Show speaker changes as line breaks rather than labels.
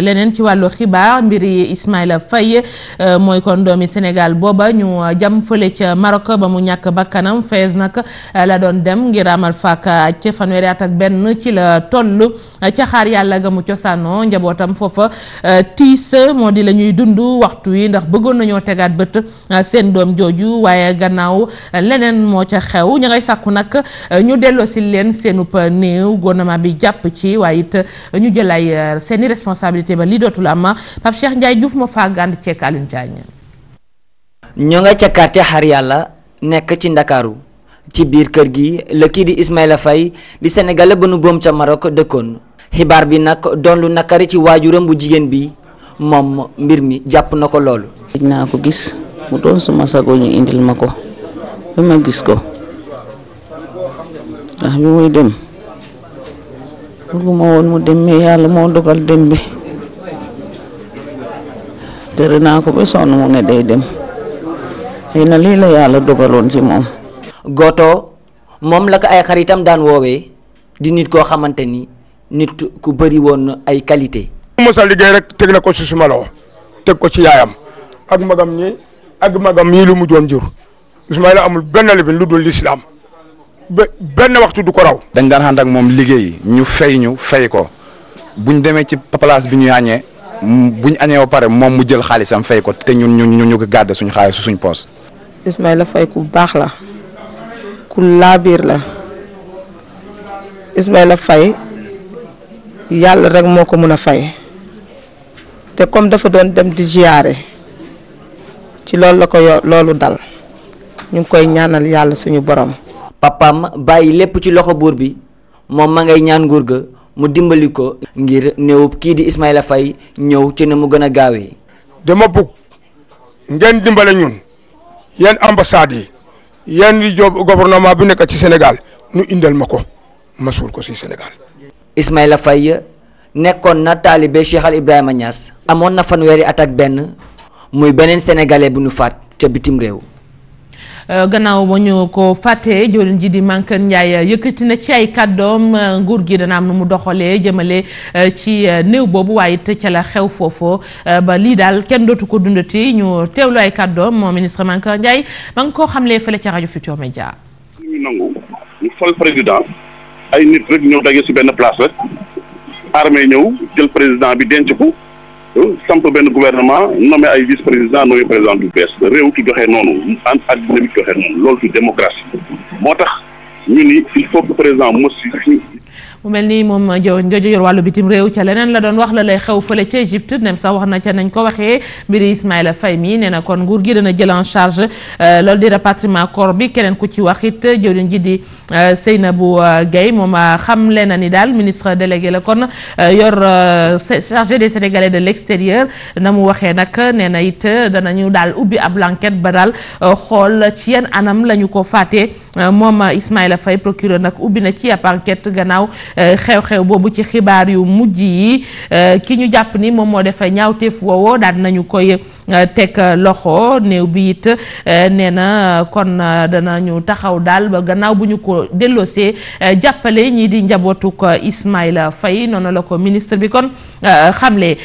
leneen ci wàllu xibaar mbiri Ismaïla Faye euh, mooy kon doomi Sénégal booba ñu euh, jam fële ca Maroc ba mu ñàkk bakkanam Fès nag euh, la doon dem ngir amal faak ca fanweeri at ak benn ci la toll ca xaar yàlla ga mu cosaanoo njabootam foofa tiis moo di la ñuy dund waxtu wi ndax bëggoon nañoo tegaat bët seen doom jooju waaye gannaaw leneen moo ca xew ñu ngay sàkku nag ñu delloo si leen seenub néew gouvernement bi jàpp ci waaye it ñu jëlay seeni responsabilité cité lii dootul am ma Pape Cheikh Ndiaye Diouf ma faa gànd ceek Alioune
ñoo nga ca xar yàlla nekk ci ndakaaru ci biir kër gi lëkk kii di Ismaïla fay di sénégalais ba nu boom ca Maroc dëkkoon xibaar bi nag doon lu nakari ci waajuram bu jigéen bi moom mbir mi jàpp na ko loolu gëj naa ko gis mu doon suma sago ñu indil ma ko ba ma gis ko ndax bi muy dem bëgguma woon mu dem yàlla moo dogal dem bi tere naa ko ba sonn mu ne day dem xëy na lii la yàlla dogaloon ci moom. Goto moom la ko ay xaritam daan woowee di nit koo xamante ni nit ku bëri woon ay qualité. mos a liggéey rek teg na ko ci suma loxo teg ko ci yaayam ak magam ñi ak lu mu doon jur Ismaïla amul benn libin lu dul lislaam benn waxtu du ko raw. dañ daan ànd ak moom liggéey ñu fay ñu fay ko buñ demee ci place bi ñu yàññee. bu ñu añee ba pare moom mu jël xaalisam fay ko te ñun ñu ñu gàdde suñu xaalis suñu
poos. Ismaïla Faye ku baax la ku laabiir la Ismaïla Faye yàlla rek moo ko mën a fay te comme dafa doon dem di ziyaare ci loolu la ko yo loolu dal ñu ngi koy ñaanal yàlla suñu borom.
papam bàyyi lépp ci loxo buur bi moom ma ngay ñaan nguur ga. mu dimbali ko ngir néew kii di Ismaïla fay ñëw ci ne mu gën a gaawee. dama bëgg ngeen dimbale ñun yéen ambassade yi yéen yi job bu nekk ci Sénégal ñu indal ma ko ma suul ko si Sénégal. Ismaïla Faye nekkoon na taalibe Cheikh Al Ibrahima Niass. amoon na fanweeri at ak benn muy beneen sénégalais bu ñu faat ca bitim réew.
Euh, gannaaw ba ñu ko fàttee jëwriñ ji di Mankeur Ndiaye euh, yëkkati na ci ay kàddoom euh, nguur gi dana am nu mu doxalee jëmale ci néew boobu waaye te ca la xew foofoo ba lii daal kenn dootu ko dundati ñu teewlu ay kàddoom moo ministre Mankeur Ndiaye ma ngi koo xamlee fële ca rajo Futurs Médias.
ñu nangu ñu président ay nit rek ñëw daje si benn place rek armée ñëw jël président bi denc ko. samp benn gouvernement nommé ay vice président nommé président du PS réew ki doxee noonu en addina bi doxee noonu loolu ci démocratie moo tax ñu ni il faut que président mos
mu mel ni moom jëwriñ jooju yor wàllu bitim réew ca leneen la doon wax la lay xew fële ca Égypte nem sax wax na ca nañ ko waxee mbiri Ismaïla Faye mi nee na kon nguur gi dana jël euh, loolu di rapatriement corps bi keneen ku ci wax it jëwriñ ji di euh, Seynabou euh, Gaye moom xam leen na ni daal ministre délégué la kon yor chargé des Sénégalais de l'extérieur na mu waxee nag nee na it danañu daal ubbi ab ba daal xool ci yan anam la ko faatee moom Ismaïla Faye procureur nag ubbi na ci ab enquête gannaaw Euh, xew-xew boobu ci xibaar yu mujj yi euh, ki ñu jàpp ni moom moo def ñaawteef woowoo daan nañu koy euh, teg loxo néew bi it nee na kon danañu taxaw daal ba gannaaw bu ñu ko delloosee jàppale ñii di njabootu njabootuk la Faye noonu la ko ministre bi kon xamle